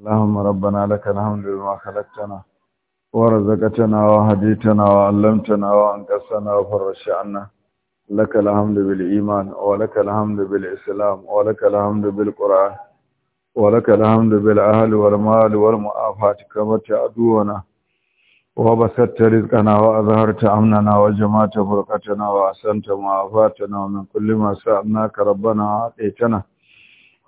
اللهم ربنا لك الحمد بما خلقتنا ورزقتنا وهديتنا وعلمتنا وانقصنا وفرشعنا عنا لك الحمد بالإيمان ولك الحمد بالإسلام ولك الحمد بالقرآن ولك الحمد بالأهل والمال والمعافاة كما تعدونا وبسطت رزقنا وأظهرت أمننا وجمعت فرقتنا وأحسنت معافاتنا ومن كل ما سألناك ربنا أعطيتنا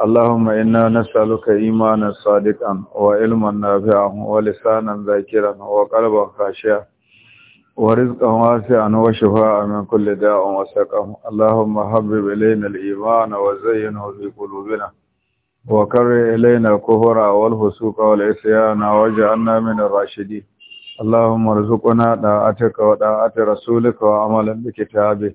اللهم انا نسالك ايمانا صادقا وعلما نافعا ولسانا ذاكرا وقلبا خاشعا ورزقا واسعا وشفاء من كل داء وسقم اللهم حبب الينا الايمان وزينه في قلوبنا وكره الينا الكفر والفسوق والعصيان واجعلنا من الراشدين اللهم ارزقنا طاعتك وطاعه رسولك وعملا بكتابك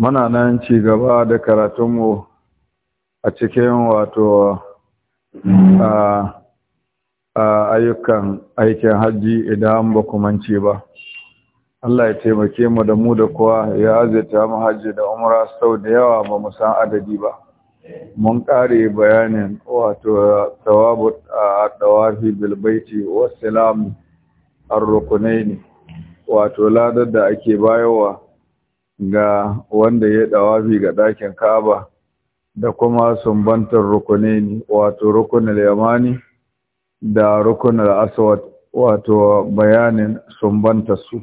muna nan ci gaba da karatunmu a cikin wato a ayyukan aikin hajji idan ba kumanci ba Allah ya taimake mu da mu da kuwa ya azirta mu hajji da umra sau da yawa ba mu san adadi ba mun ƙare bayanin wato tawabu a dawafi bilbaiti wasu salamu rukunai ne wato ladar da ake bayowa. ga wanda ya dawafi ga ɗakin Ka'aba da kuma sumbantar rukunini wato rukunin yamani da rukunin aswad wato bayanin sumbantar su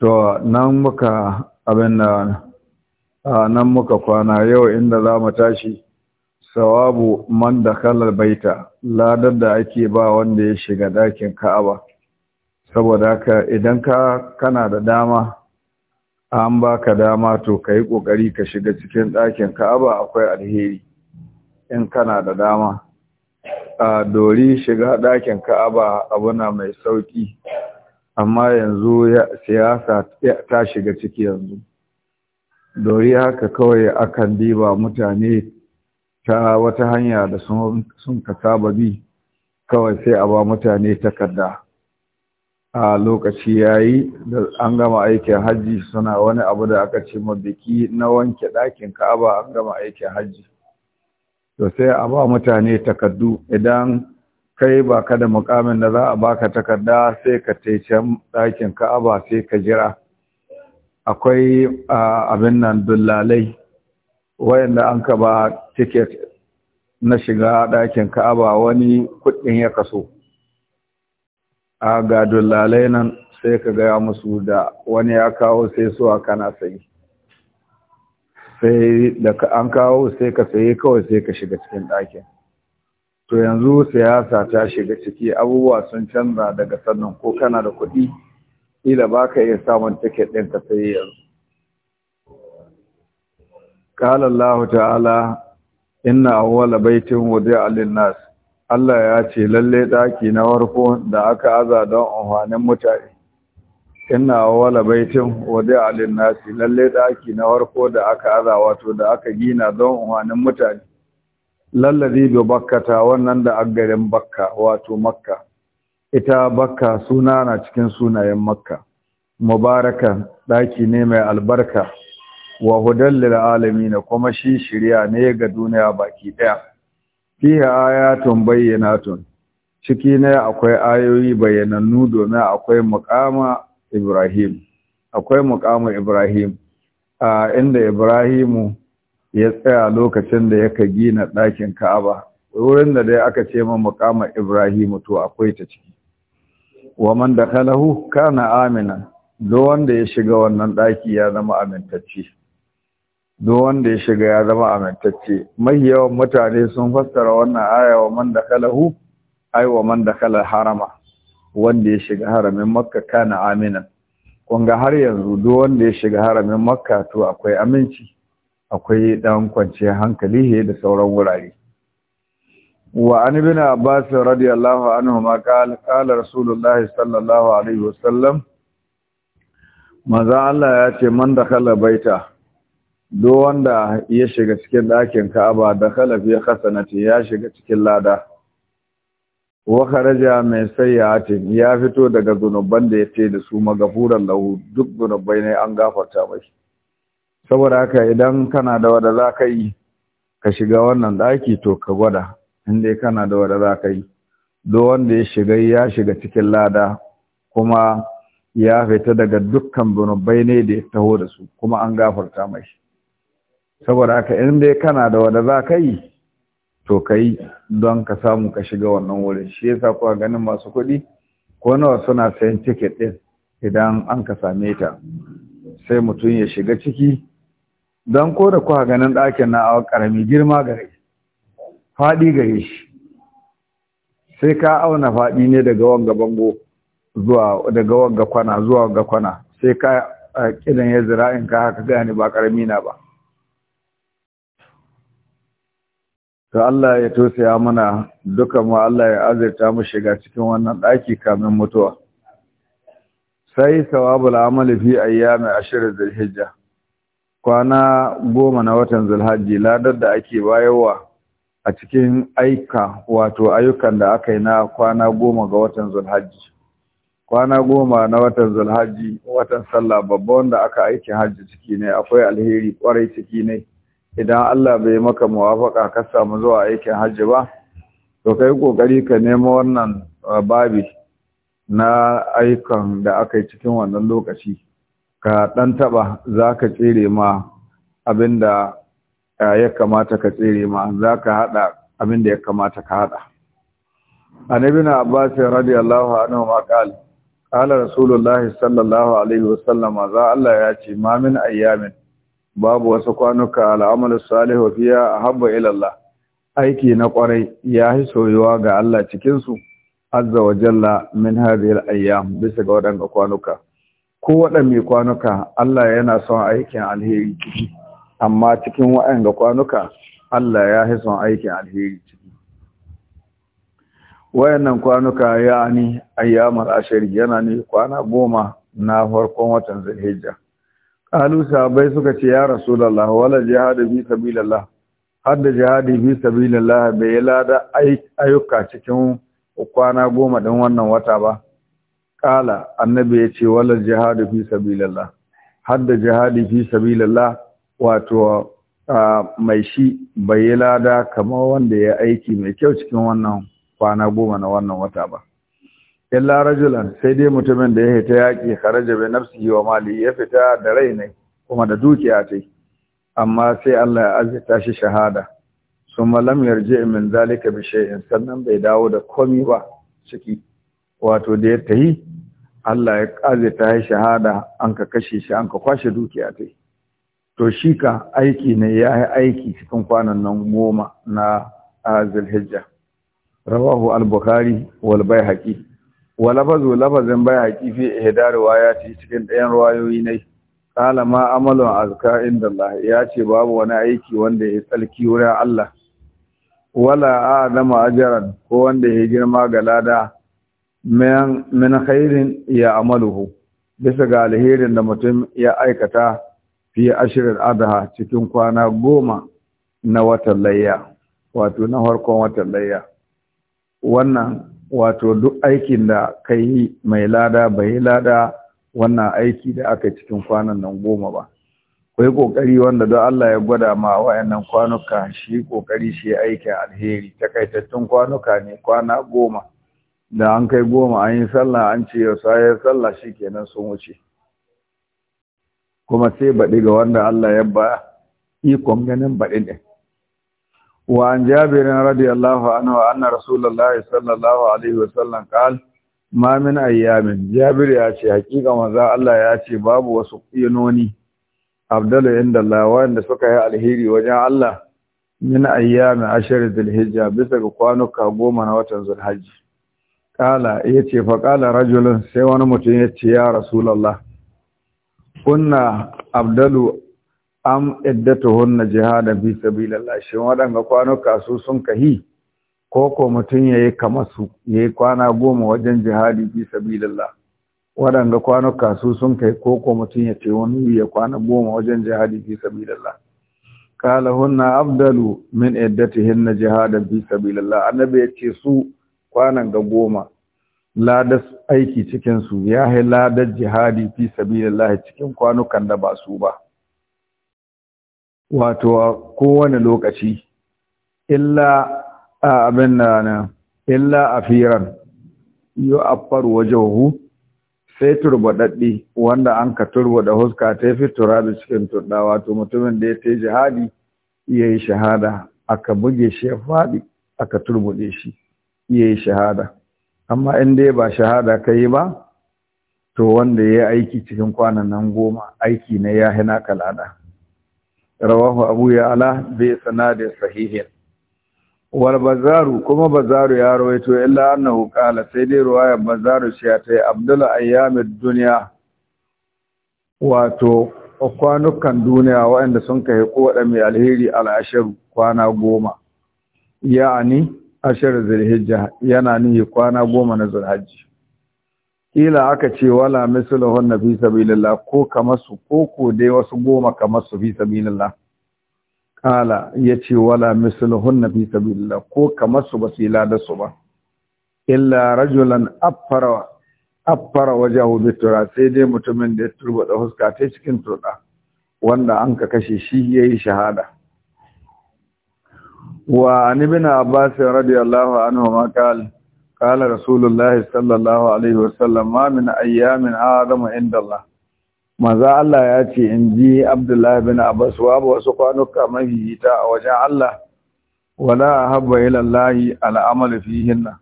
to nan muka abin da nan muka kwana yau inda za mu tashi sawabu man da kalar baita ladar da ake ba wanda ya shiga ɗakin ka'aba saboda haka idan ka kana da dama an ba ka dama to ka yi ƙoƙari ka shiga cikin ɗakin ka'aba akwai alheri in kana da dama a dori shiga ɗakin ka'aba abuna mai sauƙi amma yanzu siyasa ta shiga ciki yanzu dori haka kawai akan diba mutane ta wata hanya da sun ka saba bi kawai sai a ba mutane takarda a lokaci ya yi da an gama aikin hajji suna wani abu da aka ce biki na wanke ɗakin ka'aba an gama aikin hajji to sai a ba mutane takardu idan kai ba ka da mukamin da za a baka takarda sai ka taicen ɗakin ka'aba sai ka jira akwai abin nan dullalai wayanda an ka ba tiket na shiga ɗakin ka'aba wani kuɗin ya kaso a ga dullalai nan sai ka gaya musu da wani ya kawo sai suwa kana sayi sai da an kawo sai ka sayi kawai sai ka shiga cikin ɗakin to yanzu siyasa ta shiga ciki abubuwa sun canza daga sannan ko kana da kuɗi ila ba ka iya samun tiket ɗin ka sayi yanzu قال الله تعالى إن أول بيت وضع للناس Allah ya ce lalle ɗaki na warko da aka aza don amfanin mutane inna wala baitin wada alin nasi lalle ɗaki na warko da aka aza wato da aka gina don amfanin mutane lallazi bi bakkata wannan da aggarin bakka wato makka ita bakka suna na cikin sunayen makka mubaraka ɗaki ne mai albarka wa hudallil alamin kuma shi shirya ne ga duniya baki ɗaya tun ayatun bayyanatun ciki ne akwai ayoyi bayyanannu domin akwai muqama Ibrahim akwai muqama Ibrahim a inda Ibrahimu ya tsaya lokacin da yake gina ɗakin Ka'aba wurin da dai aka ce ma muqama Ibrahimu to akwai ta ciki wa man dakhalahu kana amina do wanda ya shiga wannan ɗaki ya zama amintacce duk wanda ya shiga ya zama amintacce mai yawan mutane sun fassara wannan aya wa man dakhalahu ai wa man dakala harama wanda ya shiga haramin makka kana Amina, kun ga har yanzu duk wanda ya shiga haramin makka to akwai aminci akwai dan kwanciyar hankali da sauran wurare wa an ibn abbas radiyallahu anhu ma qala qala rasulullah sallallahu alaihi wasallam manzo Allah ya ce man dakala baita duk wanda ya shiga cikin ɗakin Ka'aba da na ce ya shiga cikin lada wa kharaja mai sayyatin ya fito daga zunuban da ya ce da su magafuran lahu duk zunubai ne an gafarta mai saboda haka idan kana da wada za ka yi ka shiga wannan ɗaki to ka gwada inda kana da wada za ka yi duk wanda ya shiga ya shiga cikin lada kuma ya fita daga dukkan zunubai ne da ya taho da su kuma an gafarta mai saboda haka in dai kana da wanda za ka yi to ka yi don ka samu ka shiga wannan wurin shi yasa kuwa ganin masu kuɗi ko nawa suna sayan tiket ɗin idan an ka same ta sai mutum ya shiga ciki don ko da kuwa ganin ɗakin na awa ƙarami girma gare faɗi gare shi sai ka auna faɗi ne daga wanga bango zuwa daga wanga kwana zuwa wanga kwana sai ka ƙidan ya zira zira'in ka haka gane ba ƙarami na ba to Allah ya tosaya mana duka mu Allah ya azirta mu shiga cikin wannan daki kamin mutuwa sai sawabul amali fi ayyami ashr zulhijja kwana goma na watan zulhajji ladar da ake bayarwa a cikin aika wato ayyukan da aka yi na kwana goma ga watan zulhajji kwana goma na watan zulhajji watan sallah babban da aka aiki hajji ciki ne akwai alheri kwarai ciki ne idan Allah bai maka muwafaka ka samu zuwa aikin hajji ba to kai kokari ka nemo wannan uh, babi na aikan da aka yi cikin wannan lokaci ka dan taba zaka tsere ma abinda uh, ya kamata ka tsere ma zaka hada abinda ya kamata ka hada annabi na abbas radiyallahu anhu ma qala qala rasulullahi sallallahu alaihi wasallam za Allah ya ce ma min ayyamin babu wasu kwanuka al'amalu salihu fiya habba ila Allah aiki na kwarai ya yi soyuwa ga Allah cikinsu, su azza wa jalla min hadhihi al-ayyam bisa ga waɗanda kwanuka ko mai kwanuka Allah yana son aikin alheri ciki amma cikin waɗanda kwanuka Allah ya yi son aikin alheri ciki wayannan kwanuka ya ni ayyamar ashir yana ne kwana goma na farkon watan zulhijja alu sahabai suka ce ya rasulullah wala jihadu fi sabilillah hadda jihadi fi sabilillah bai lada ayyuka cikin kwana goma din wannan wata ba kala annabi ya ce wala jihadu fi sabilillah hadda jihadi fi sabilillah wato mai shi bai lada kamar wanda ya aiki mai kyau cikin wannan kwana goma na wannan wata ba illa rajulan sai dai mutumin da ya fita yaƙi kharaja bi nafsihi wa mali ya fita da rai ne kuma da dukiya ta amma sai Allah ya azita shi shahada summa lam yarji min zalika bi shay'in sannan bai dawo da komi ba ciki wato da ya tahi Allah ya azita shi shahada an ka kashe shi an ka kwashe dukiya ta to shi ka aiki ne ya yi aiki cikin kwanan nan goma na ah, zulhijja rawahu al-bukhari wal baihaqi wa lafazu lafazin baya kifi ya riwayati cikin ɗayan riwayoyi ne qala ma amalun azka inda Allah ya ce babu wani aiki wanda ya tsalki wurin Allah wala adama ajran ko wanda ya girma ga lada min hairin ya amaluhu bisa ga alherin da mutum ya aikata fi ashirin adaha, cikin kwana goma na watan layya wato na harkon watan layya wannan wato duk aikin da ka yi mai lada bai yi lada wannan aiki da aka cikin kwanan nan goma ba kai kokari wanda don Allah ya gwada ma wayannan kwanuka shi kokari shi aikin alheri takaitattun kwanuka ne kwana goma da an kai goma an yi sallah an ce yau sai sallah kenan sun wuce kuma sai baɗi ga wanda Allah ya ba ikon ganin baɗi ɗin وعن جابر رضي الله عنه أن رسول الله صلى الله عليه وسلم قال ما من أيام جابر يأتي حقيقة ماذا الله يأتي باب وسقينوني أبدال عند الله وعند سكه الهيري وجاء الله من أيام عشر ذي الحجة بسك قوانك قوما وتنزل الحج قال يأتي فقال رجل سيوان متين يا رسول الله كنا أبدال am iddatuhunna jihadan fi sabilillah shin waɗanga kwanuka su sun kahi ko ko mutum yayi kamar su yayi kwana goma wajen jihadi fi sabilillah waɗanga kwanuka su sun kai ko ko mutum ya ce wani ya kwana goma wajen jihadi fi sabilillah qala hunna afdalu min iddatihinna jihadan fi sabilillah annabi ya ce su kwanan ga goma ladar aiki cikin su ya hai ladar jihadi fi sabilillah cikin kwanukan da ba su ba wato kowane lokaci illa a abin na illa a firan yo afar hu sai turbadaddi wanda an ka da huska ta fi turabi cikin turɗa wato mutumin da ya ta jihadi ya yi shahada aka buge shi ya faɗi aka turbude shi ya yi shahada amma in dai ba shahada ka yi ba to wanda ya yi aiki cikin kwanan nan goma aiki na ya hina kalada rawahu abu ya'la bi sanadin sahihin wal bazaru kuma bazaru ya rawaito illa annahu qala sai dai ruwayar bazaru shi ta abdul ayyamid dunya wato kwanukan duniya waɗanda sun kai ko mai alheri al'asharu kwana goma ya'ani ashar zulhijja yana nihi kwana goma na zulhajji kila aka ce wala mislahun fi sabilillah ko kamar su ko ko dai wasu goma kamar su fi sabilillah kala yace wala mislahun fi sabilillah ko kamar su basila da su ba illa rajulan affara affara wajahu bi sai dai mutumin da ya da huska ta cikin turda wanda an ka kashe shi yayi shahada wa an ibn abbas radiyallahu anhu ma kala قال رسول الله صلى الله عليه وسلم ما من أيام عند الله maza Allah ya ce in ji Abdullahi bin Abbas ba wasu kwanuka mabiyita a wajen Allah wala habba ila Allahi al'amal fihinna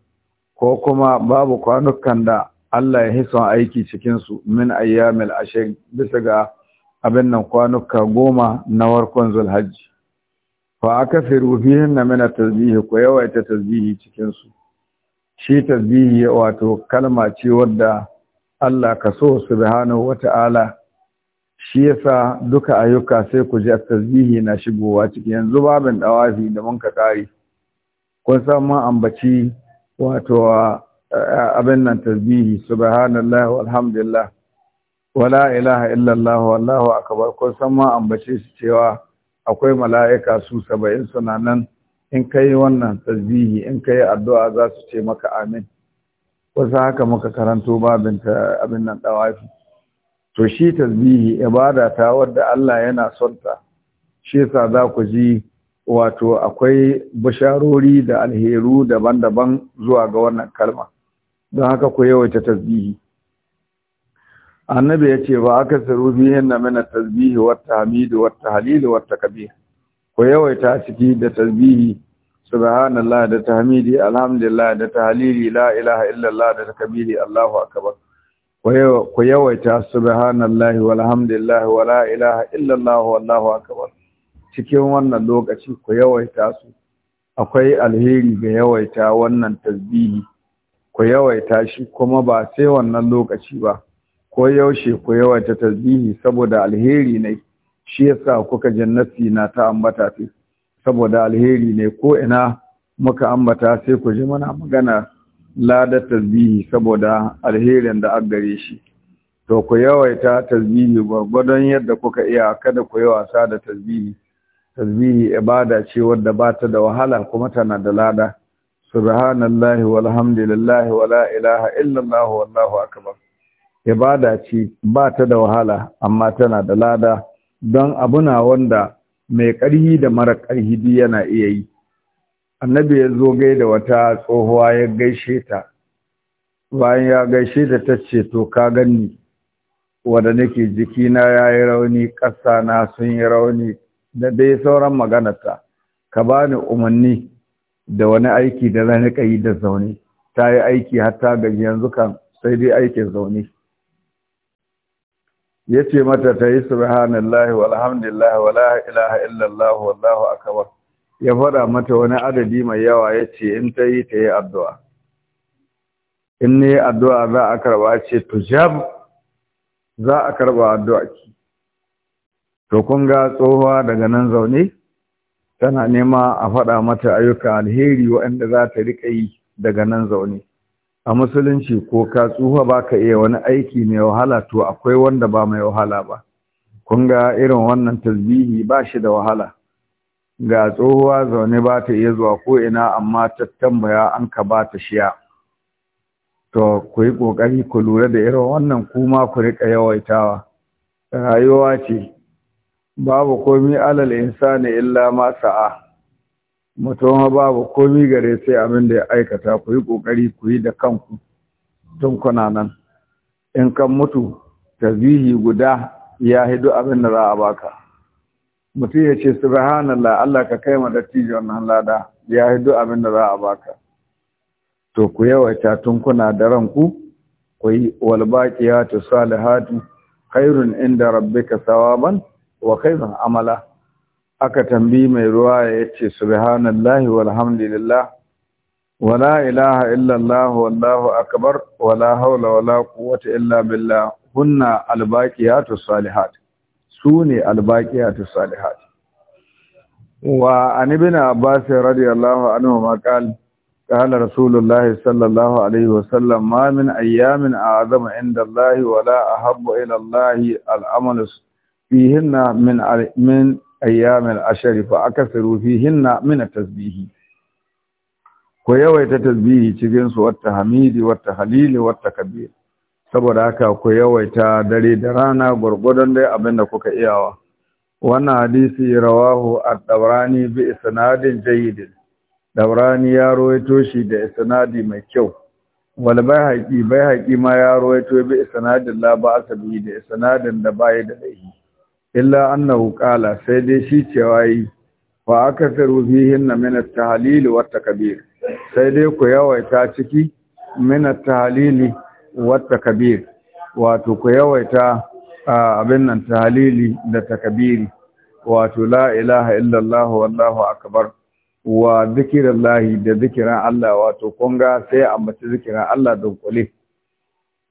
ko kuma babu kwanukan da Allah ya hison aiki cikin su min ayyamil ashir bisa ga abin nan kwanuka goma na warkon Zulhajji fa aka firu fihinna min at-tasbih ko yawaita tasbihi cikin su shi tasbihi wato kalma ce wadda Allah ka so subhanahu wata'ala shi yasa duka ayyuka sai ku ji tasbihi na shigowa cikin yanzu babin ɗawafi da mun ka kare kun san ambaci wato abin nan tasbihi subhanallah walhamdulillah wala ilaha illallah wallahu akbar kun san mun ambace cewa akwai mala'ika su 70 suna nan in ka yi wannan tasbihi in ka yi addu'a za su ce maka amin wasu haka muka karanto babin ta abin nan ɗawafi to shi tasbihi ibada ta wadda Allah yana son ta shi yasa za ku ji wato akwai basharori da alheru daban-daban zuwa ga wannan kalma don haka ku yawaita tasbihi annabi ya ce ba aka sarufi na mana tasbihi wata hamidu wata halilu wata kabir ku yawaita ciki da tasbihi subhanallahi da tahmidi alhamdulillah da tahlili la ilaha illallah da takbiri allahu akbar ku yawaita subhanallahi walhamdulillah wa la ilaha illallah wallahu akbar cikin wannan lokaci ku yawaita su akwai alheri ga yawaita wannan tasbihi ku yawaita shi kuma ba sai wannan lokaci ba ko yaushe ku yawaita tasbihi saboda alheri ne shi yasa kuka jannati na ta ambata fi saboda alheri ne ko ina muka ambata sai ku ji mana magana lada tasbihi saboda alherin da aka gare shi to ku yawaita tasbihi gwargwadon yadda kuka iya kada ku yi wasa da tasbihi tasbihi ibada ce wadda ba ta da wahala kuma tana da lada subhanallahi walhamdulillahi wala ilaha illallah wallahu akbar ibada ce ba ta da wahala amma tana da lada don abuna wanda mai ƙarhi da mara ƙarhi duk yana iya yi annabi ya zo gai da wata tsohuwa ya gaishe ta bayan ya gaishe ta ta ce to ka ganni wadda nake jikina ya yi rauni ƙasa na sun yi rauni da dai sauran maganarta ka ba ni umarni da wani aiki da zan riƙa yi da zaune ta yi aiki hatta ta gaji yanzu kan sai dai aikin zaune yace mata ta yi subhanallahi walhamdulillahi wala ilaha illallah wallahu akbar ya faɗa mata wani adadi mai yawa ya ce in ta yi ta yi addu'a in ne addu'a za a karɓa ce tujab za a karɓa addu'a ki to kun ga tsohuwa daga nan zaune tana nema a faɗa mata ayyukan alheri waɗanda za ta riƙa yi daga nan zaune a musulunci ko ka tsufa ba ka iya wani aiki mai wahala to akwai wanda ba mai wahala ba kun ga irin wannan tasbihi ba shi da wahala ga tsohuwa zaune ba ta iya zuwa ko ina amma ta tambaya an ka ba ta shiya to ku yi ƙoƙari ku lura da irin wannan kuma ku riƙa yawaitawa rayuwa ce babu komi alal insani illa ma sa'a mutum babu komi gare sai abin da ya aikata ku yi ƙoƙari ku yi da kanku tun kuna nan in kan mutu tazihi guda ya hidu abin da za a baka mutum ya ce subhanallah Allah ka kai da tijo wannan lada ya hidu abin da za a baka to ku yawaita tun kuna da ranku ku yi ta salihatu khairun inda rabbika sawaban wa khairun amala aka tambi mai ruwa ya ce subhanallahi walhamdulillah wala ilaha illallah wallahu akbar wala haula wala quwwata illa billah hunna albaqiyatu salihat sune albaqiyatu salihat wa an ibn abbas radiyallahu anhu ma qala قال رسول الله صلى الله عليه وسلم ما من أيام أعظم عند الله ولا أحب إلى الله العمل فيهن من من ayyamil ashari fa akasiru fihinna min at-tasbih ko yawaita tasbihi cikin su wata hamidi wata halili wata kabir saboda haka ku yawaita dare da rana gurgudun dai abinda kuka iyawa wannan hadisi rawahu ad-dawrani bi isnadin jayyid dawrani ya rawaito shi da isnadi mai kyau wal bayhaqi bayhaqi ma ya rawaito bi isnadin la ba'sa da isnadin da bai da laifi illa annahu qala sai dai shi cewa yi fa akatharu fihinna min at-tahlil wa at-takbir sai dai ku yawaita ciki min at-tahlil wa at-takbir wato ku yawaita abin nan tahlili da takbir wato la ilaha illallah wallahu akbar wa zikirallahi da zikiran Allah wato kunga sai ambaci zikiran Allah kule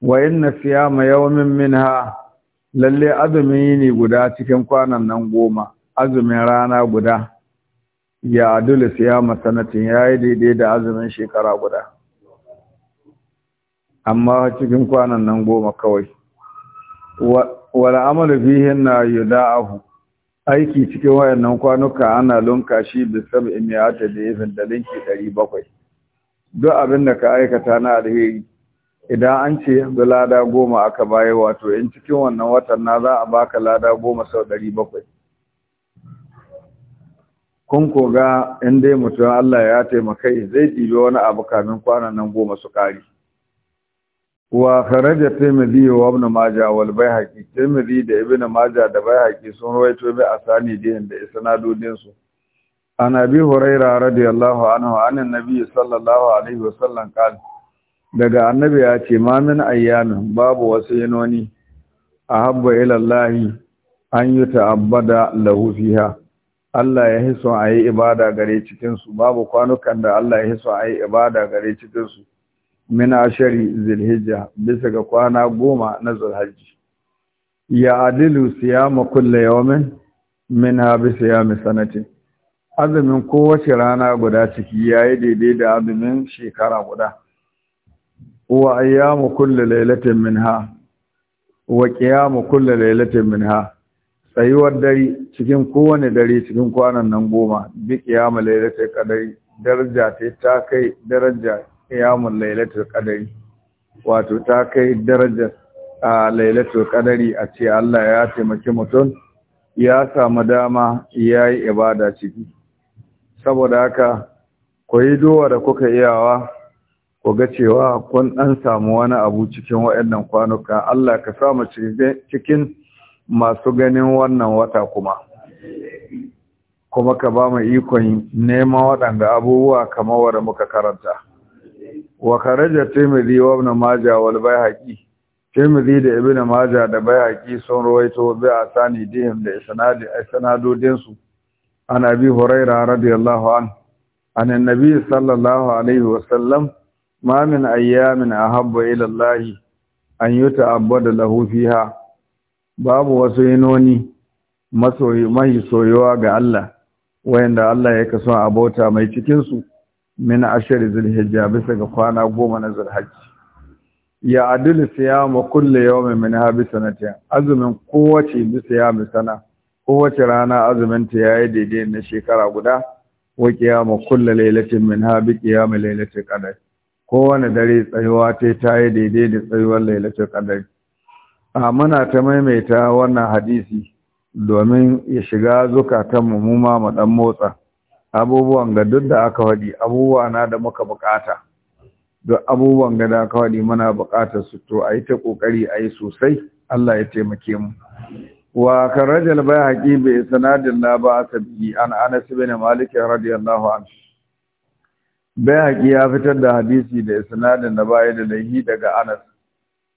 wa inna siyama yawmin minha lalle azumi ne guda cikin kwanan nan goma azumin rana guda ya adula siyama sanatin ya yi daidai da azumin shekara guda amma cikin kwanan nan goma kawai Wani amalu bihin na da'ahu aiki cikin wayannan kwanuka ana lunka shi da sab'i mi'ata da izin da linki 700 duk abin da ka aikata na alheri idan an ce yanzu lada goma aka baya wato in cikin wannan watan na za a baka lada goma sau ɗari bakwai kun koga in dai mutum Allah ya taimakai zai ɗibi wani abu kamin kwanan nan goma su ƙari wa kharaja tirmidhi wa ibn Maja wal haƙi, tirmidhi da ibn Maja da haƙi sun rawaito bi asani sani da isnadodin su an abi hurairah radiyallahu anhu anan nabi sallallahu alaihi wasallam qala daga annabi ya ce ma min ayyamin babu wasu yanoni a habba ilallahi an yi ta'abbada lahu fiha Allah ya hiso a yi ibada gare cikinsu. babu kwanukan da Allah ya hiso a yi ibada gare cikinsu. su min ashari zilhijja bisa ga kwana goma na zulhajji ya adilu siyama kulle yawmin min ha bi siyami sanatin azumin kowace rana guda ciki yayi daidai da azumin shekara guda wa ayyamu kulli lailatin minha wa qiyamu kulli lailatin minha tsayuwar dare cikin kowane dare cikin kwanan nan goma bi qiyamu lailatul qadari daraja ta kai daraja qiyamu lailatul qadari wato ta kai daraja a lailatul qadari a ce Allah ya taimaki mutum ya samu dama yayi ibada ciki saboda haka koyi dowa da kuka iyawa Ko ga cewa kun ɗan samu wani abu cikin waɗannan kwanuka Allah ka samu cikin masu ganin wannan wata kuma kuma ka ba mu ikon neman waɗanda abubuwa kamar wanda muka karanta wa kharaja tirmidhi wa ibn majah wal bayhaqi da ibn majah da bayhaqi sun rawaito bi asani dihim da isnadi isnadodin su an abi hurairah radiyallahu anhu an annabi sallallahu alaihi wasallam ma min ayyamin ahabba ila Allah an yuta'abbada lahu fiha babu wasu yinoni masoyi mai soyuwa ga Allah wayanda Allah ya son abota mai cikin su min ashar zulhijja bisa ga kwana goma na zulhajji ya adil siyama kulli yawmin min habi sanatin azumin kowace bisa ya misana kowace rana azumin ta yayi daidai na shekara guda wa qiyama kulli lailatin min habi qiyama lailatul qadr kowane dare tsayuwa ta ta yi daidai da tsayuwar lailatul qadari a muna ta maimaita wannan hadisi domin ya shiga zukatan mu mu ma mu dan motsa abubuwan ga duk da aka wadi abubuwa na da muka bukata duk abubuwan ga da aka wadi muna bukatar su to ayi ta kokari ayi sosai Allah ya taimake mu wa karajal haqi bi sanadin la ba bi an Anas bin Malik radiyallahu anhu bayhaqi ya fitar da hadisi da isnadin da bai da lahi daga Anas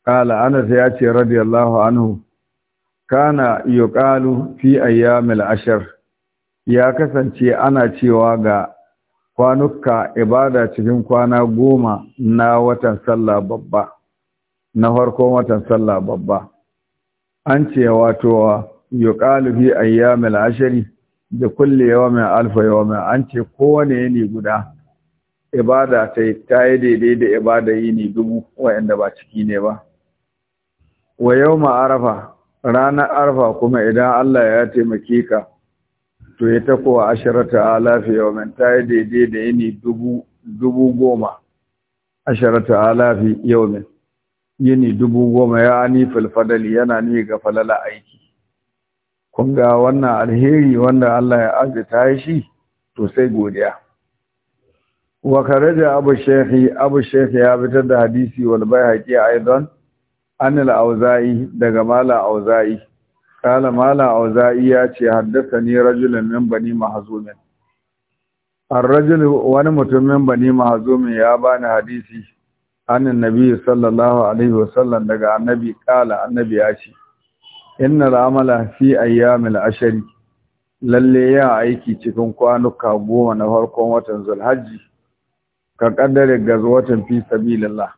kala Anas ya ce radiyallahu anhu kana yuqalu fi ayyamil ashar ya kasance ana cewa ga kwanuka ibada cikin kwana goma na watan sallah babba na watan sallah babba an ce wato yuqalu fi ayyamil ashari da kulli yawmin alfa yawmin an ce kowane ne guda ibada ta ta yi daidai da ibada yi ne dubu wa'anda ba ciki ne ba wa yawma arafa ranar arafa kuma idan Allah ya taimake ka to ya tako wa asharata alafi yawmin ta yi daidai da yini dubu dubu goma asharata alafi yawmin yini dubu goma ya ni falfadali yana ni ga falala aiki kun ga wannan alheri wanda Allah ya azurta shi to sai godiya wa karaja abu shehi abu shehi ya fitar da hadisi wal bayhaqi aidan an al-auza'i daga mala auza'i kala mala auza'i ya ce haddathani rajulun min bani mahzumin ar-rajul wani mutum min bani mahzumin ya bani hadisi an annabi sallallahu alaihi wasallam daga annabi kala annabi ya ce innal amala fi ayyamil ashri lalle ya aiki cikin kwanuka goma na farkon watan zulhajji ka kaddare gazwatan fi sabilillah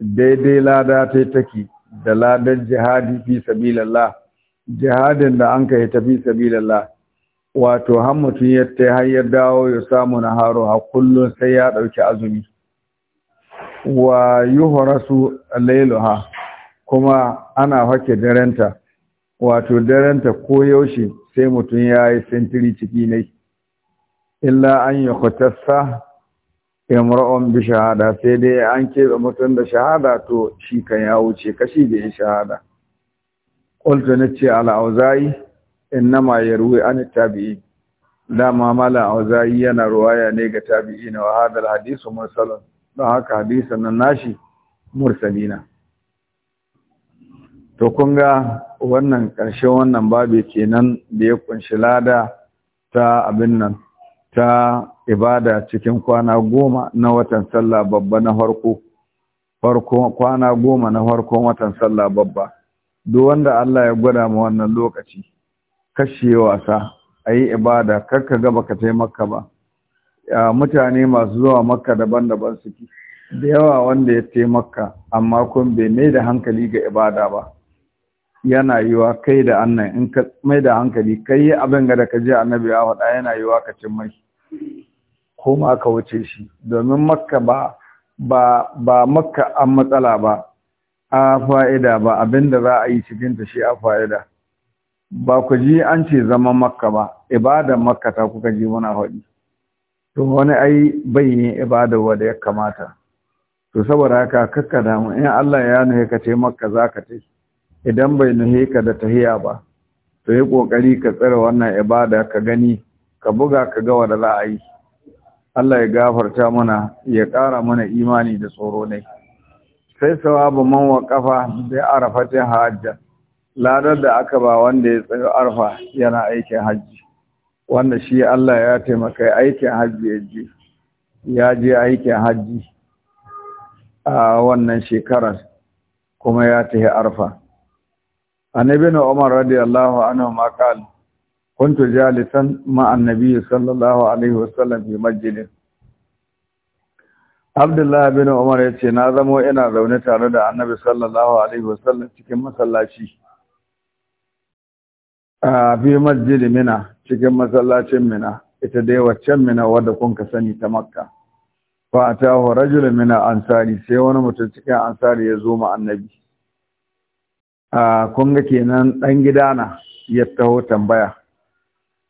daidai lada ta taki, da ladan jihadi fi sabilillah jihadin da an kai ta fi sabilillah wato har mutum ya ta har ya dawo ya samu na haro a kullum sai ya ɗauki azumi wa yuhrasu lailuha kuma ana hake darenta wato darenta ko yaushe sai mutum ya yi sintiri ciki ne illa an yi hutassa imra'un bi shahada sai dai an keɓe mutum da shahada to shi kan ya wuce kashi da ya shahada qultu nace ala auzai innama yarwi an tabi'i ma mala auza'i yana ruwaya ne ga tabi'i na hada al-hadisu mursalun da haka hadisan nan nashi mursalina to kun ga wannan ƙarshen wannan babu kenan da ya kunshi lada ta abin nan ta ibada cikin kwana goma na watan sallah babba na farko kwana goma na farkon watan sallah babba duk wanda Allah ya gwada ma wannan lokaci kashe wasa ayi ibada kar karka ga tai taimaka ba mutane masu zuwa makka daban-daban suke da yawa wanda ya taimaka amma kun bai mai da hankali ga ibada ba yana yiwa kai da annan in ka mai da hankali kai abin ga da ka je annabi ya faɗa yana yiwa ka cin mai ko aka wuce shi domin makka ba ba ba makka an matsala ba a fa'ida ba abinda za a yi cikin ta shi a fa'ida ba ku ji an ce zama makka ba ibada makka ta kuka ji muna haɗi to wani ai bai ne ibada wanda ya kamata to saboda haka kakka damu in Allah ya nuhe ka ce makka za ka ce idan bai nuhe ka da tahiya ba to yi ƙoƙari ka tsara wannan ibada ka gani ka buga ka ga wanda za a yi Allah ya gafarta mana ya ƙara mana imani da tsoro ne sai sawabu man waqafa bi arafatin hajja ladar da aka ba wanda ya tsayo arfa yana aikin hajji wanda shi Allah ya taimaka aikin hajji ya ji, ya je aikin hajji a wannan shekarar kuma ya tahi arfa annabi na Umar radiyallahu anhu makal جالسا مع النبي صلى الله عليه وسلم في masjidin عبد bin Umar ya ce na zamo ina zaune tare da Annabi sallallahu alaihi wasallam cikin masallaci a fi masjid Mina cikin masallacin Mina ita dai waccan Mina wadda kun ka sani ta Makka fa atahu rajul min ansari sai wani mutum cikin ansari ya zo ma Annabi a kun ga kenan dan gidana ya taho tambaya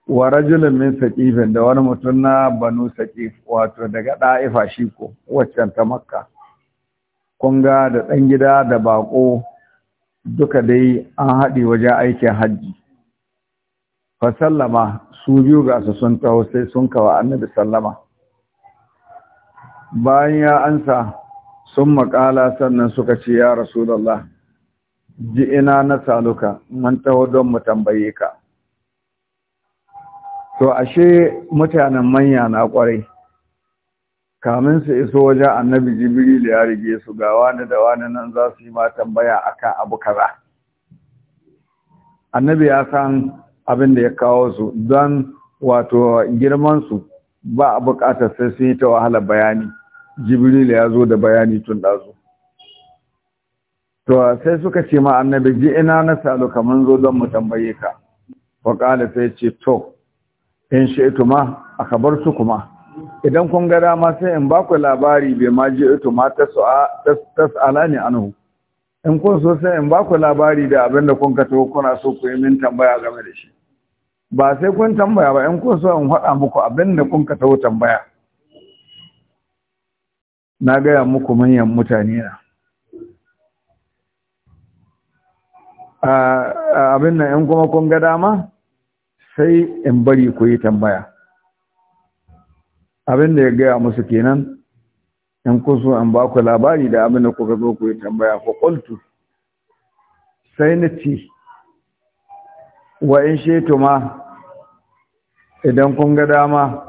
wa rajulun min saqifin da wani mutum na banu saqif wato daga da'ifa shi ko waccan ta makka kun da ɗan gida da baƙo, duka dai an haɗi wajen aikin hajji fa sallama su biyu ga su sun taho sai sun kawa annabi sallama bayan ya ansa sun makala sannan suka ce ya Allah ji ina na saluka mun taho don mu tambaye ka to ashe mutanen manya na kwarai kamin su iso wajen annabi jibril ya rige su ga wani da wani nan za su yi ma tambaya akan abu kaza annabi ya san abin da ya kawo su don wato girman su ba a bukatar sai sun yi ta wahala bayani jibril ya zo da bayani tun ɗazu to sai suka ce ma annabi ji ina na salo kamar zo don mu tambaye ka faƙala sai ce to in shi'tu ma su kuma idan kun ga dama sai in ba ku labari bai ma ji ji'tu ma ne anu in kun so sai in ba ku labari da abin da kun kato kuna so ku yi min tambaya game da shi ba sai kun tambaya ba in kun so in faɗa muku abin da kun kato tambaya na gaya muku manyan mutane na abin nan in kuma kun ga dama sai in bari ku yi tambaya abin da ya gaya musu kenan in ku so in ba ku labari da abin da kuka zo ku yi tambaya ku ƙultu sai na ci wa in shetu ma idan kun ga dama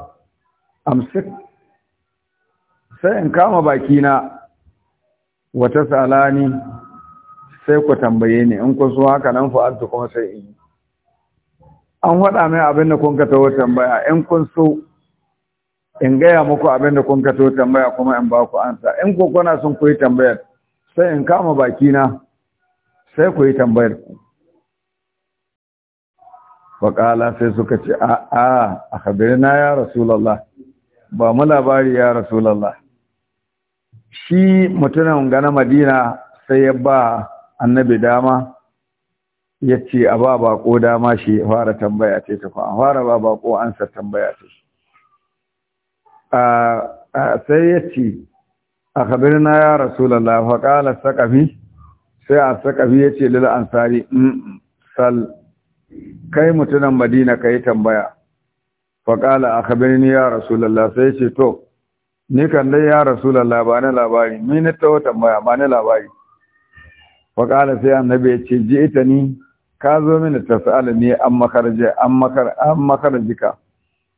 amsik sai in kama bakina wata salani sai ku tambaye ni in ku so haka nan fa'altu kuma sai in yi an waɗa mai abin da kun ka taho tambaya in kun so in gaya muku abin da kun ka taho tambaya kuma in ba ku ansa in ko kuna sun ku yi tambayar sai in kama baki na sai ku yi tambayar ku faƙala sai suka ce a a a na ya rasulallah ba mu labari ya rasulallah shi mutumin gana madina sai ya ba annabi dama ya ce a ba bako dama shi fara tambaya ce ta kwan fara ba bako ansa tambaya ce sai ya ce a kabir na ya rasulallah faƙala saƙafi sai a saƙafi ya ce lil ansari mm, mm, sal kai mutunan madina ka yi tambaya faƙala a kabir ni ya lalla sai ce to ni kan dai ya rasulallah ba ni labari ni ni taho tambaya ba ni labari faƙala sai annabi ya ce ji ita ni ka zo mini tafi an makarje an makar an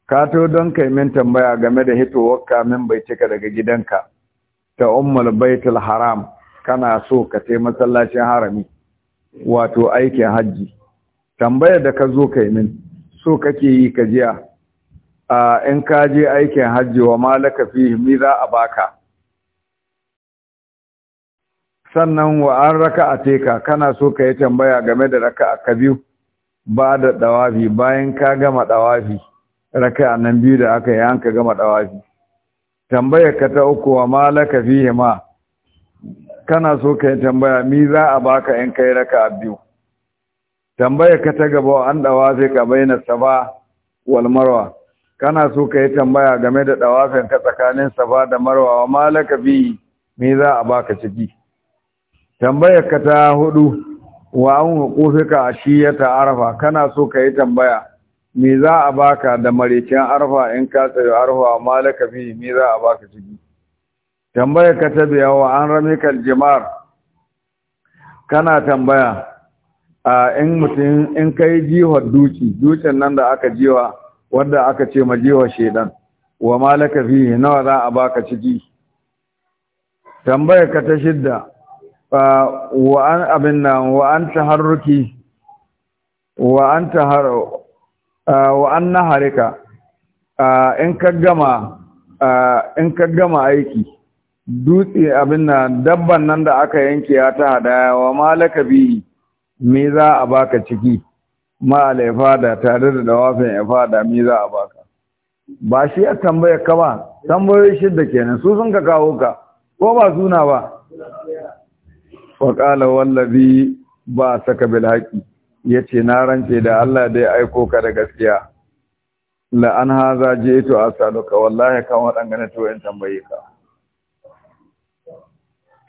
ka to don kai min tambaya game da hitowar ka min bai cika daga gidanka ta ummul baitul haram kana so ka ce masallacin harami wato aikin hajji Tambaya da ka zo kai min so kake yi ka jiya in ka je aikin hajji wa malaka fi mi za a baka sannan wa an raka a teka kana so ka yi tambaya game da raka a biyu ba da ɗawafi bayan ka gama ɗawafi raka a nan biyu da aka yi an ka gama ɗawafi tambaya ka ta uku wa malaka fiye ma kana so ka yi tambaya mi za a baka in kai raka a biyu tambaya ka ta gaba an ɗawafi ka baina safa wal marwa kana so ka yi tambaya game da ɗawafin ka tsakanin safa da marwa wa malaka fiye me za a baka ciki Tambayarka ka ta hudu wa an hukufika ashiyata arfa kana so ka yi tambaya me za a baka da marikin arfa in ka tsaye arfa malaka fi me za a baka ciki tambayar ka ta biya wa an rami kan jimar kana tambaya a in mutum in ka yi jihar duki dukin nan da aka jiwa wanda aka ce ma jihar shedan wa malaka fi nawa za a baka ciki tambayar ka ta shidda wa an abin nan wa an taharruki wa an taharu wa an naharika in ka gama in ka gama aiki dutse abin nan dabban nan da aka yanke ya ta hadaya wa malaka bi me za a baka ciki ma ifada tare da dawafin ifada me za a baka ba shi ya tambaya ka ba tambayoyi shidda kenan su sun ka kawo ka ko ba suna ba wa qala wallazi ba saka bil Ya yace na rance da Allah da ya aiko ka da gaskiya la an haza a asaluka wallahi kan wadangane to in tambaye ka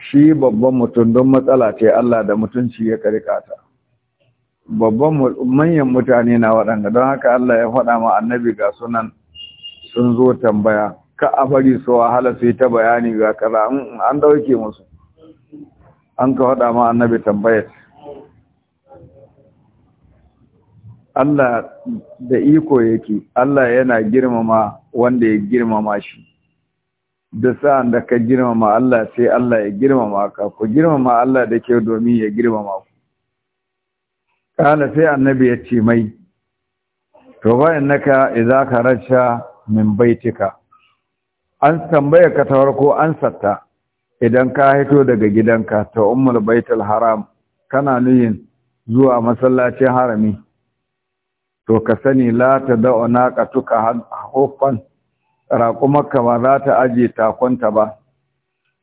shi babban mutum don matsala ce Allah da mutunci ya karika ta babban manyan mutane na waɗanda don haka Allah ya faɗa ma annabi ga sunan sun zo tambaya ka a bari su wahala su yi ta bayani ga kaza mm, an ɗauke musu an ka faɗa ma annabi tambayar Allah da iko yake Allah yana girmama wanda ya girmama shi da sa'an da ka girmama Allah sai Allah ya girmama ka ku girmama Allah da ke domin ya girmama ku kana sai annabi ya ce mai to bayan naka idza rasha min baitika an tambaye ka ko an satta idan ka hito daga gidanka ta ummul baitul haram kana nuyin zuwa masallacin harami to ka sani la ta da'u tuka huffan raqumaka ba za ta aje takonta ba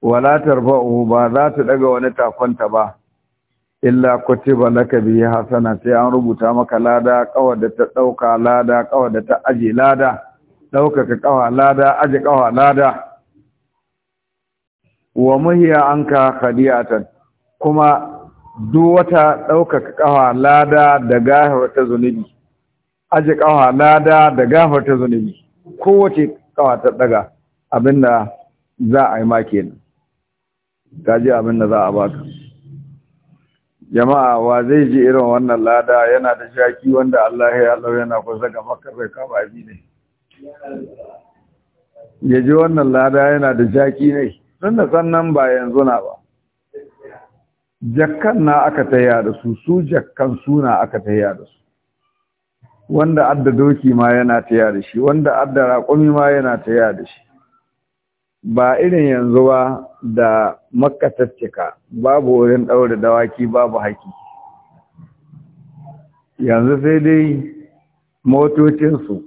wala tarfa'u ba za ta daga wani takonta ba illa kutiba laka bi hasana sai an rubuta maka lada kawar da ta dauka lada kawar da ta aje lada dauka ka kawa lada aje kawa lada wa muhiya anka khadi'atan kuma duk wata ɗaukaka ƙawa lada da gafarta zunubi aje ƙawa lada da gafarta zunubi kowace ƙawa ta ɗaga abinda za a yi maki ne gaji abinda za a baka jama'a wa zai ji irin wannan lada yana da shaki wanda Allah ya lauya yana kusa ga makarai kama abi ne ya ji wannan lada yana da shaki ne tun da sannan ba yanzu na ba jakkan na aka taya da su su jakkan suna aka taya da su wanda adda doki ma yana taya da shi wanda adda raƙumi ma yana taya da shi ba irin yanzu ba da makatattaka babu wurin ɗaure dawaki babu haƙi yanzu sai dai motocinsu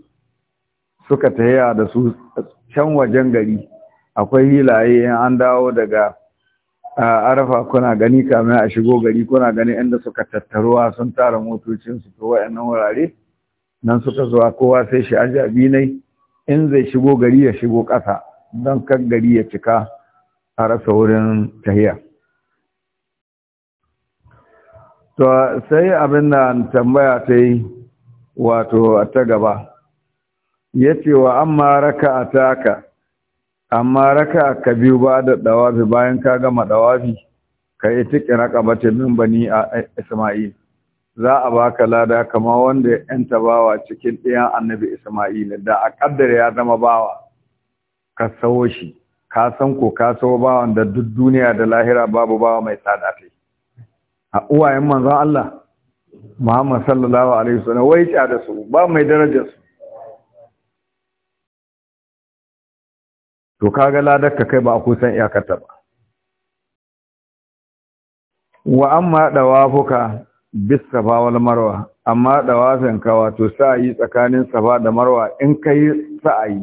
suka taya da su can wajen gari akwai hilaye in an dawo daga arafa kuna gani kamar a shigo gari kuna gani inda suka tattaruwa sun tara motocinsu to wa'annan wurare nan suka zuwa kowa sai shi ajabi ne in zai shigo gari ya shigo ƙasa don kan gari ya cika a rasa wurin tahiya to sai abin da tambaya ta yi wato ta gaba ya ce wa amma raka a taka amma raka ka biyu ba da dawafi bayan ka gama dawafi ka yi tiki raqabata min bani isma'il za a baka lada kama wanda ya yanta bawa cikin ɗiyan annabi isma'il da a ƙaddar ya zama bawa ka sawo shi ka san ko ka sawo bawan da duk duniya da lahira babu bawa mai tsada kai a uwayen manzon Allah Muhammad sallallahu alaihi wasallam wai da su ba mai darajar su to kaga ladar ka kai ba a kusan iyakarta ba wa amma dawafuka bis safa wal marwa amma dawafin ka wato sa'i tsakanin safa da marwa in kai sa'i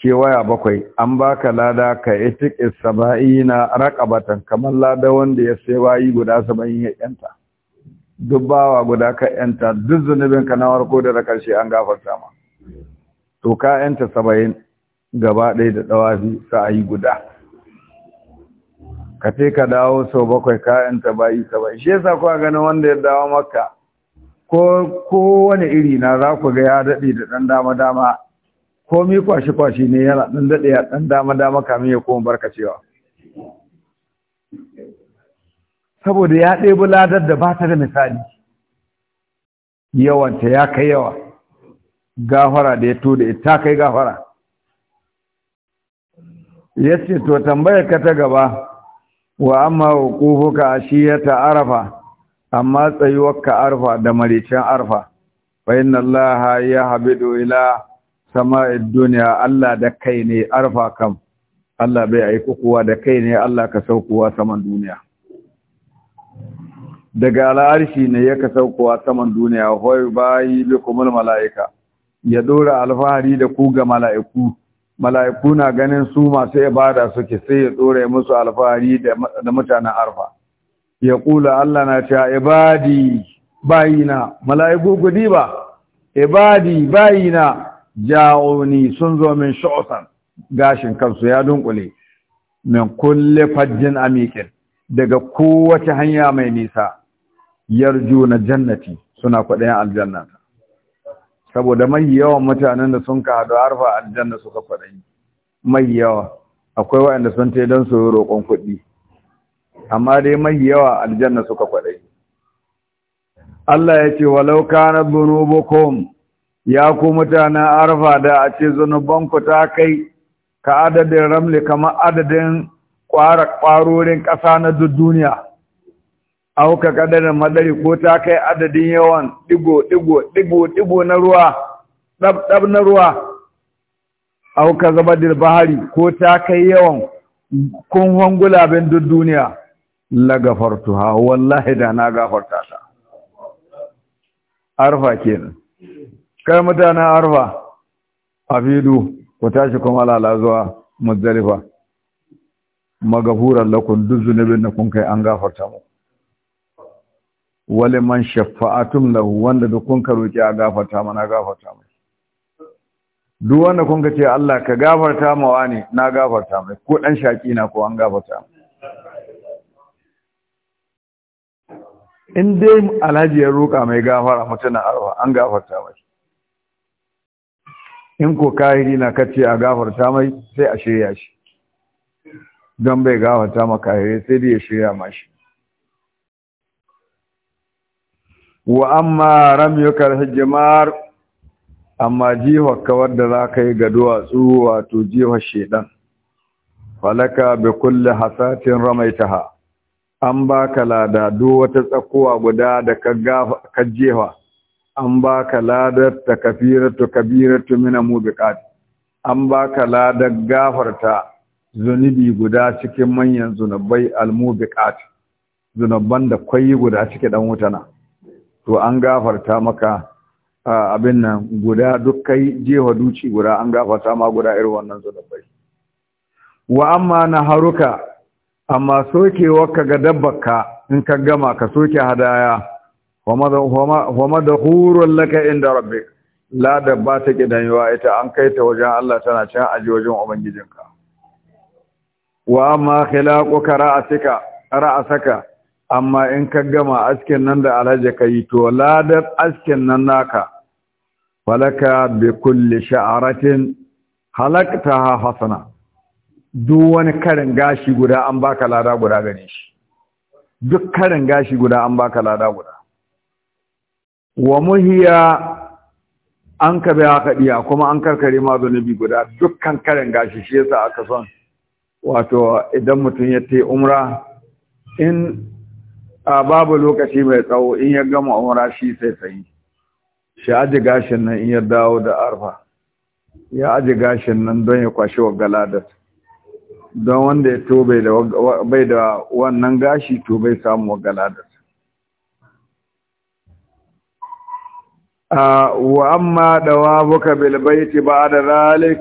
kewaya bakwai an baka lada ka itiqis saba'ina raqabatan kamar lada wanda ya sai bayi guda 70 ya yanta dubbawa guda ka yanta duk zunubin ka na warko da karshe an gafarta ma to ka yanta 70 gaba ɗaya da ɗawafi yi guda ka ce ka dawo sau bakwai kayan ta bayi bayi shi yasa kuwa ganin wanda ya dawo makka ko wani iri na za ku ga ya daɗe da ɗan dama dama komi kwashi kwashi ne yana ɗan daɗe ya ɗan dama dama kamin ya koma barka cewa? saboda ya ɗebi ladar da ba ta da misali yawanta ya kai yawa gafara da ya to da ita kai gafara ya ce to tambayar ka ta gaba wa amma hukufuka ashiyata arafa amma tsayuwarka arfa da maricin arfa fa inna allaha ya habidu ila sama'id duniya Allah da kai ne arfa kam Allah bai aiki kowa da kai ne Allah ka saukowa saman duniya daga al'arshi ne ya ka saukowa saman duniya hoi bayi bikumul mala'ika ya dora alfahari da ku ga mala'iku mala'iku na ganin su masu ibada suke sai ya dore musu alfahari da mutanen arfa ya kula Allah na cewa ibadi bayina mala'iku gudi ba ibadi bayina ja'uni sun zo min shu'san gashin kansu ya dunkule min kulle fajjin amikin daga kowace hanya mai nisa yarju na jannati suna kwaɗayan aljannata saboda mai yawan mutanen da sun ka haɗu harfa aljanna suka faɗi mai yawa akwai waɗanda sun ta don su roƙon kuɗi amma dai mai yawa aljanna suka faɗi Allah ya ce walau kana dhunubukum ya ku mutanen arfa da a ce ku ta kai ka adadin ramli kamar adadin ƙwarorin ƙasa na duk duniya auka kadarin madari ko ta kai adadin yawan digo digo digo ɗigo na ruwa ɗab-ɗab na ruwa auka zama bahari ko ta kai yawan kunhon gulaben duk duniya la ha, wallahi da na gafarta ta arfa kenan kai mutanen arfa afidu ku tashi kuma lalazuwa mazzalifa, magafuran lakon duk zunubin da kun kai an gafarta mu. wale man shafa'atum lahu wanda duk kun ka roki a gafarta mana gafarta mai duk wanda kun ka ce Allah ka gafarta ma wani na gafarta mai ko dan shaki na ko an gafarta in dai alhaji ya roka mai gafara mutuna arwa an gafarta mai in ko kahiri na kace a gafarta mai sai a shirya shi don bai gafarta ma kahiri sai dai ya shirya mashi wa amma ramyukar hijimar amma jihar kawar da za ka yi ga duwatsu wato jihar shedan falaka bi kulle hasatin taha. an baka lada duk wata tsakuwa guda da ka jefa an baka ladar ta kafiratu kabiratu mu mubiqat an baka ladar gafarta zunubi guda cikin manyan zunubai almubiqat zunubban da kwayi guda cike dan wutana to an gafarta maka abin nan guda duk kai jewa duci guda an gafarta ma guda irin wannan zunubai wa amma na haruka amma waka ga dabbaka in ka gama ka soke hadaya wa madahurun laka inda rabbik la dabba ta yawa ita an kai ta wajen Allah tana can aji wajen ubangijinka wa amma khilaquka ra'asaka ra'asaka amma in ka gama asken nan da alhaji ka yi to ladar asken nan naka falaka bi kulli sha'aratin halaktaha hasana duk wani karin gashi guda an baka lada guda gare shi duk karin gashi guda an baka lada guda wa muhiya an ka bai haka diya kuma an karkare ma bi guda dukkan karin gashi shi yasa aka son wato idan mutum ya ta umra in a babu lokaci mai tsawo in ya gama umra shi sai sai shi aji gashin nan in ya dawo da arfa ya aji gashin nan don ya kwashi wa galadar, don wanda ya to bai da wannan gashi to bai samu wa galadar. wa amma Buka bilbaiti ba da zalik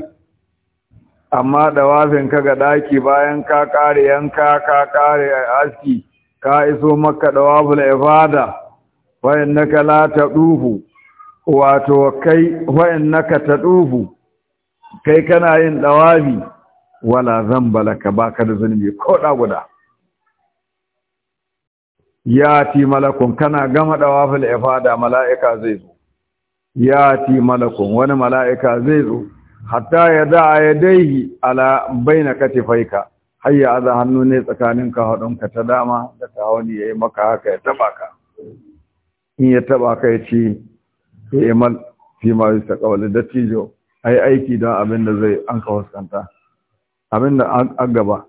amma dawafin ka ga daki bayan ka kare yanka ka kare aski ka iso makka dawaful ibada wa innaka la tadufu wato kai wa innaka tadufu kai kana yin dawabi wala zamba laka baka da zunubi ko da guda ya ti malakun kana gama dawaful ibada mala'ika zai zo ya ti malakun wani mala'ika zai zo hatta ya da'a ya daihi ala bainaka tifaika hayya aza hannu ne tsakanin ka ta dama da ta wani ya yi maka haka ya taba ka in ya taba ka ya ce ya yi mal fi ma yi ta kawali da tijo a yi aiki don abin da zai an ka fuskanta abin da an gaba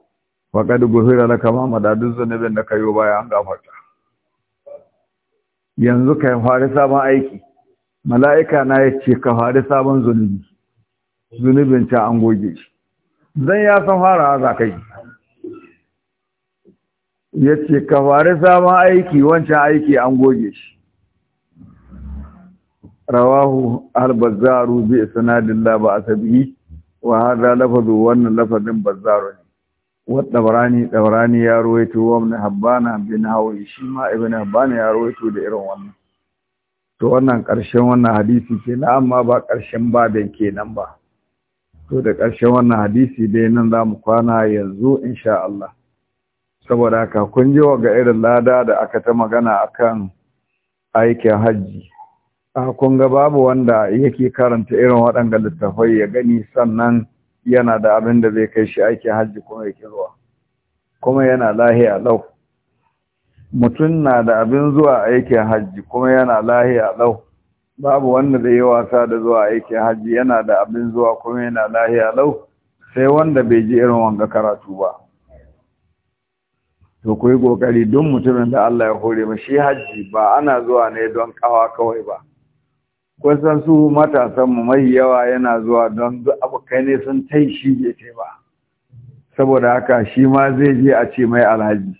faƙaɗi gufira na kama zane bin da ka yi baya an gafarta yanzu ka fari sabon aiki mala'ika na ya ce ka fari sabon zunubi zunubin ta an goge shi zan ya san fara za ka yi ya ce ka fari sabon aiki wancan aiki an goge shi rawahu al-bazzaru bi sanadin la ba asabi wa hada lafazu wannan lafazin bazzaru ne wa dabrani dabrani ya ruwaito wa ibn habbana bin hawi shi ma ibn habbana ya ruwaito da irin wannan to wannan ƙarshen wannan hadisi kenan amma ba ƙarshen ke kenan ba to da ƙarshen wannan hadisi dai nan za mu kwana yanzu insha Allah saboda haka kun ji wa ga irin lada da aka ta magana akan aikin hajji a kun ga babu wanda yake karanta irin waɗanda littafai ya gani sannan yana da abin da zai kai shi aikin hajji kuma yake zuwa kuma yana lahiya lau mutum na da abin zuwa aikin hajji kuma yana lahiya lau babu wanda zai yi wasa da zuwa aikin hajji yana da abin zuwa kuma yana lahiya lau sai wanda bai ji irin wanga karatu ba to ku yi ƙoƙari don mutumin da Allah ya hore ma shi hajji ba ana zuwa ne don kawa kawai ba kusan su matasanmu mai yawa yana zuwa don duk abokai ne sun tai shi je ba saboda haka shi ma zai je a ce mai alhaji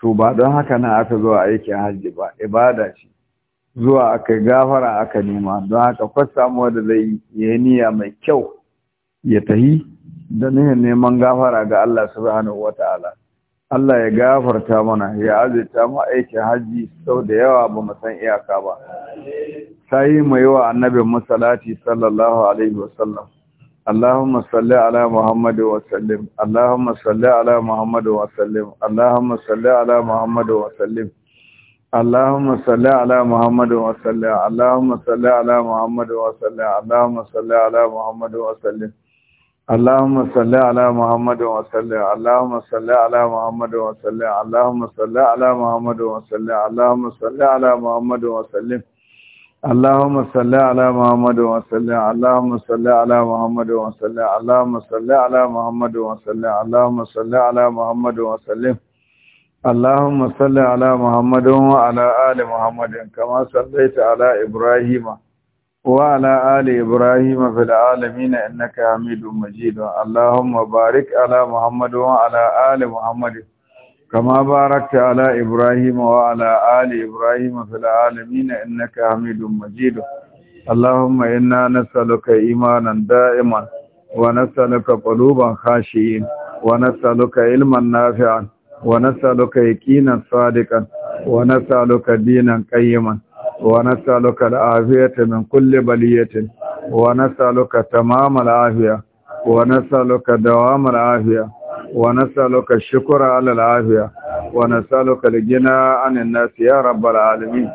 to ba don haka na aka zuwa aiki hajji ba ibada ce zuwa aka gafara aka nema don haka kwassamu wanda zai yi niyya mai kyau ya tahi da neman gafara ga Allah subhanahu ta'ala. Allah ya gafarta mana ya azurta mu aikin hajji sau da yawa ba mu san iyaka ba sai mu yi wa annabin masalati sallallahu alaihi wasallam اللهم صل على محمد وسلم اللهم صل على محمد وسلم اللهم صل على محمد وسلم اللهم صل على محمد وسلم اللهم صل على محمد وسلم اللهم صل على محمد وسلم اللهم صل على محمد وسلم اللهم صل على محمد وسلم اللهم صل على محمد وسلم اللهم صل على محمد وسلم اللهم صل على محمد وسلم اللهم صل على محمد وسلم اللهم صل على محمد وسلم اللهم صل على محمد وسلم اللهم صل على محمد وعلى ال محمد كما صليت على ابراهيم وعلى آل إبراهيم في العالمين إنك حميد مجيد اللهم بارك على محمد وعلى آل محمد كما باركت على إبراهيم وعلى آل إبراهيم في العالمين إنك حميد مجيد اللهم إنا نسألك إيمانا دائما ونسألك قلوبا خاشئين ونسألك علما نافعا ونسألك يقينا صادقا ونسألك دينا قيما ونسألك العافية من كل بلية ونسألك تمام العافية ونسألك دوام العافية ونسألك الشكر على العافية ونسألك الجنى عن الناس يا رب العالمين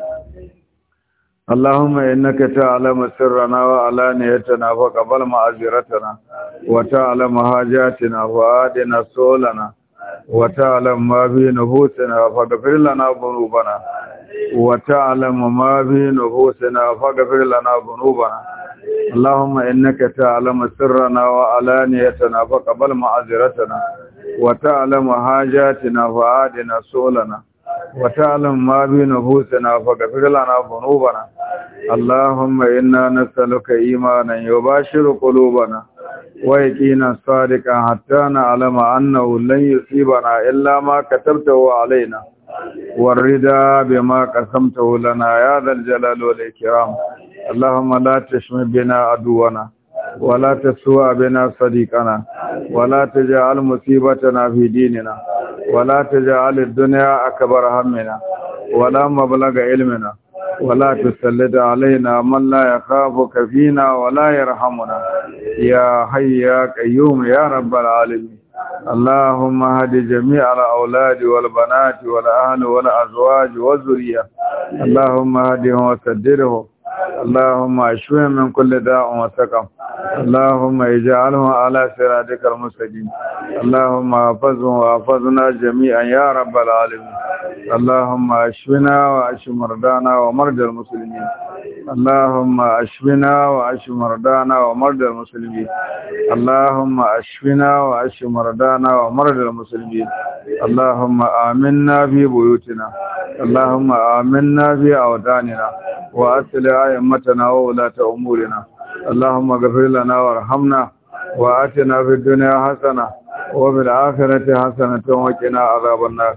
اللهم إنك تعلم سرنا وعلى نيتنا وقبل معذرتنا وتعلم حاجاتنا وآدنا سولنا وتعلم ما في نفوسنا فاغفر لنا ذنوبنا وتعلم ما في نفوسنا فاغفر لنا ذنوبنا اللهم إنك تعلم سرنا وعلانيتنا فقبل معذرتنا وتعلم حاجاتنا فعادنا سؤلنا وتعلم ما في نفوسنا فاغفر لنا ذنوبنا اللهم إنا نسألك إيمانا يباشر قلوبنا ويقينا صادقا حتى نعلم أنه لن يصيبنا إلا ما كتبته علينا والرضا بما قسمته لنا يا ذا الجلال والإكرام اللهم لا تشمل بنا عدونا ولا تسوى بنا صديقنا ولا تجعل مصيبتنا في ديننا ولا تجعل الدنيا أكبر همنا ولا مبلغ علمنا ولا تسلط علينا من لا يخافك فينا ولا يرحمنا يا حي يا قيوم يا رب العالمين اللهم هدي جميع الأولاد والبنات والأهل والأزواج والذرية اللهم هديهم وسدرهم اللهم اشفهم من كل داء وسقم اللهم اجعله على صراطك المستقيم اللهم احفظه واحفظنا جميعا يا رب العالمين اللهم اشفنا واشف مرضانا ومرضى المسلمين اللهم اشفنا واشف مرضانا ومرضى المسلمين اللهم اشفنا واشف مرضانا ومرضى المسلمين اللهم امنا في بيوتنا اللهم امنا في اوداننا واصلح ائمتنا وولاة امورنا اللهم اغفر لنا وارحمنا وآتنا في الدنيا حسنة وفي الآخرة حسنة وقنا عذاب النار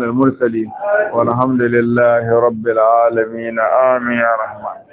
المرسلين والحمد لله رب العالمين آمين يا رحمن